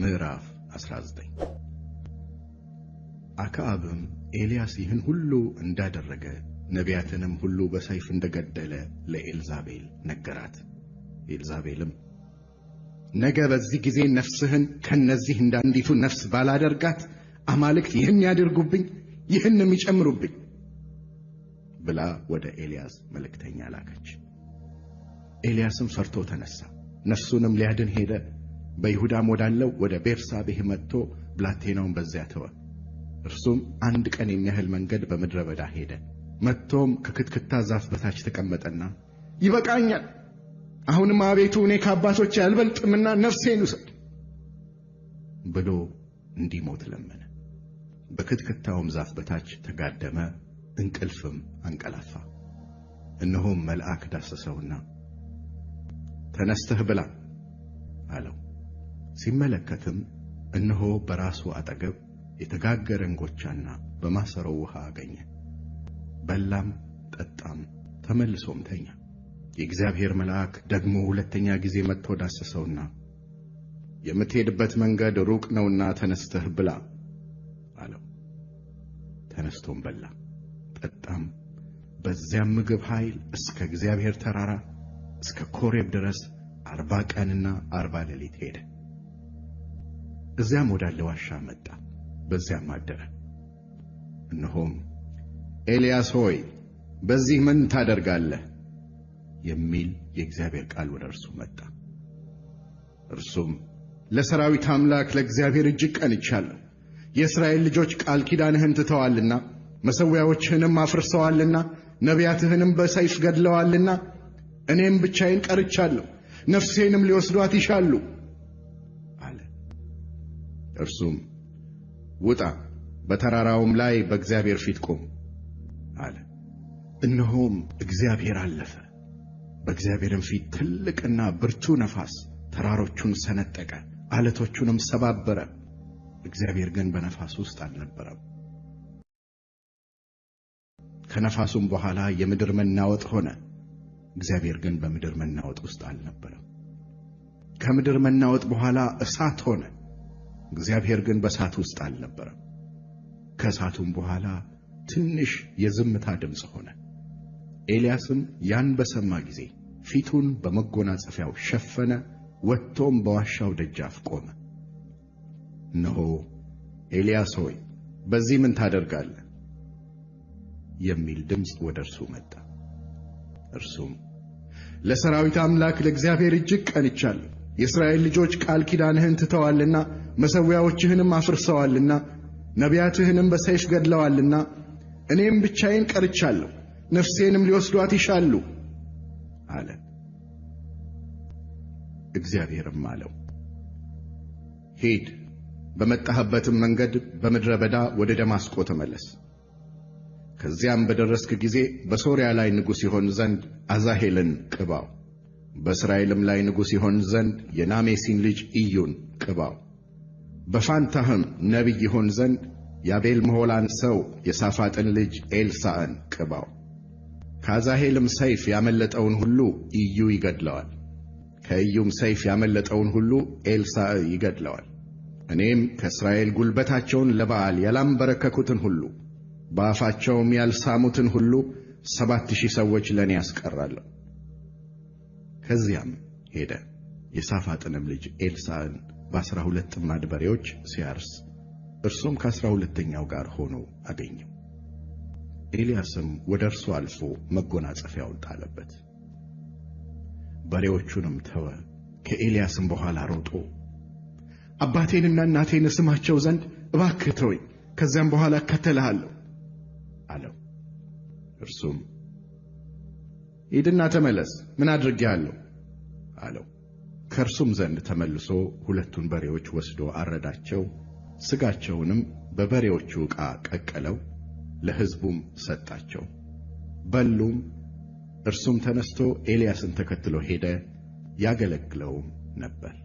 ምዕራፍ 19 አክዓብም ኤልያስ ይህን ሁሉ እንዳደረገ ነቢያትንም ሁሉ በሰይፍ እንደገደለ ለኤልዛቤል ነገራት። ኤልዛቤልም ነገ በዚህ ጊዜ ነፍስህን ከነዚህ እንዳንዲቱ ነፍስ ባላደርጋት አማልክት ይህን ያደርጉብኝ ይህንም ይጨምሩብኝ ብላ ወደ ኤልያስ መልእክተኛ ላከች። ኤልያስም ፈርቶ ተነሳ፣ ነፍሱንም ሊያድን ሄደ። በይሁዳም ወዳለው ወደ ቤርሳቤህ መጥቶ ብላቴናውን በዚያ ተወ። እርሱም አንድ ቀን የሚያህል መንገድ በምድረ በዳ ሄደ። መጥቶም ከክትክታ ዛፍ በታች ተቀመጠና ይበቃኛል፣ አሁንም አቤቱ እኔ ከአባቶቼ አልበልጥምና ነፍሴን ውሰድ ብሎ እንዲሞት ለመነ። በክትክታውም ዛፍ በታች ተጋደመ፣ እንቅልፍም አንቀላፋ። እነሆም መልአክ ዳሰሰውና ተነስተህ ብላ አለው። ሲመለከትም እነሆ በራሱ አጠገብ የተጋገረ እንጎቻና በማሰሮው ውሃ አገኘ። በላም ጠጣም፣ ተመልሶም ተኛ። የእግዚአብሔር መልአክ ደግሞ ሁለተኛ ጊዜ መጥቶ ዳሰሰውና የምትሄድበት መንገድ ሩቅ ነውና ተነስተህ ብላ አለው። ተነስቶም በላ ጠጣም። በዚያም ምግብ ኃይል እስከ እግዚአብሔር ተራራ እስከ ኮሬብ ድረስ አርባ ቀንና አርባ ሌሊት ሄደ። እዚያም ወዳለ ዋሻ መጣ፣ በዚያም አደረ። እነሆም ኤልያስ ሆይ በዚህ ምን ታደርጋለህ? የሚል የእግዚአብሔር ቃል ወደ እርሱ መጣ። እርሱም ለሰራዊት አምላክ ለእግዚአብሔር እጅግ ቀንቻለሁ። የእስራኤል ልጆች ቃል ኪዳንህን ትተዋልና፣ መሠዊያዎችህንም አፍርሰዋልና፣ ነቢያትህንም በሰይፍ ገድለዋልና እኔም ብቻዬን ቀርቻለሁ፣ ነፍሴንም ሊወስዷት ይሻሉ እርሱም ውጣ፣ በተራራውም ላይ በእግዚአብሔር ፊት ቁም አለ። እነሆም እግዚአብሔር አለፈ። በእግዚአብሔርም ፊት ትልቅና ብርቱ ነፋስ ተራሮቹን ሰነጠቀ፣ አለቶቹንም ሰባበረ። እግዚአብሔር ግን በነፋስ ውስጥ አልነበረም። ከነፋሱም በኋላ የምድር መናወጥ ሆነ፣ እግዚአብሔር ግን በምድር መናወጥ ውስጥ አልነበረም። ከምድር መናወጥ በኋላ እሳት ሆነ፣ እግዚአብሔር ግን በእሳት ውስጥ አልነበረም። ከእሳቱም በኋላ ትንሽ የዝምታ ድምፅ ሆነ። ኤልያስም ያን በሰማ ጊዜ ፊቱን በመጎናጸፊያው ሸፈነ፣ ወጥቶም በዋሻው ደጃፍ ቆመ። እነሆ ኤልያስ ሆይ በዚህ ምን ታደርጋለህ? የሚል ድምፅ ወደ እርሱ መጣ። እርሱም ለሰራዊት አምላክ ለእግዚአብሔር እጅግ ቀንቻለሁ የእስራኤል ልጆች ቃል ኪዳንህን ትተዋልና መሠዊያዎችህንም አፍርሰዋልና ነቢያትህንም በሰይፍ ገድለዋልና እኔም ብቻዬን ቀርቻለሁ፣ ነፍሴንም ሊወስዷት ይሻሉ አለ። እግዚአብሔርም አለው፣ ሂድ፣ በመጣህበትም መንገድ በምድረ በዳ ወደ ደማስቆ ተመለስ። ከዚያም በደረስክ ጊዜ በሶርያ ላይ ንጉሥ ይሆን ዘንድ አዛሄልን ቅባው። በእስራኤልም ላይ ንጉሥ ይሆን ዘንድ የናሜሲን ልጅ ኢዩን ቅባው። በፋንታህም ነቢይ ይሆን ዘንድ የአቤል መሆላን ሰው የሳፋጥን ልጅ ኤልሳዕን ቅባው። ከአዛሄልም ሰይፍ ያመለጠውን ሁሉ ኢዩ ይገድለዋል። ከኢዩም ሰይፍ ያመለጠውን ሁሉ ኤልሳዕ ይገድለዋል። እኔም ከእስራኤል ጉልበታቸውን ለበዓል ያላንበረከኩትን ሁሉ በአፋቸውም ያልሳሙትን ሁሉ ሰባት ሺህ ሰዎች ለእኔ ያስቀራለሁ። ከዚያም ሄደ። የሳፋጥንም ልጅ ኤልሳዕን በ ሁለት ጥማድ በሬዎች ሲያርስ እርሱም ከአሥራ ሁለተኛው ጋር ሆኖ አገኘው። ኤልያስም ወደ እርሱ አልፎ መጎናጸፊያውን ጣለበት፣ በሬዎቹንም ተወ። ከኤልያስም በኋላ ሮጦ አባቴንና እናቴን እስማቸው ዘንድ እባክህ ተወኝ፣ ከዚያም በኋላ እከተልሃለሁ አለው። እርሱም ሂድና ተመለስ፣ ምን አድርጌአለሁ አለው። ከእርሱም ዘንድ ተመልሶ ሁለቱን በሬዎች ወስዶ አረዳቸው፣ ሥጋቸውንም በበሬዎቹ ዕቃ ቀቀለው፣ ለሕዝቡም ሰጣቸው፣ በሉም። እርሱም ተነሥቶ ኤልያስን ተከትሎ ሄደ፣ ያገለግለውም ነበር።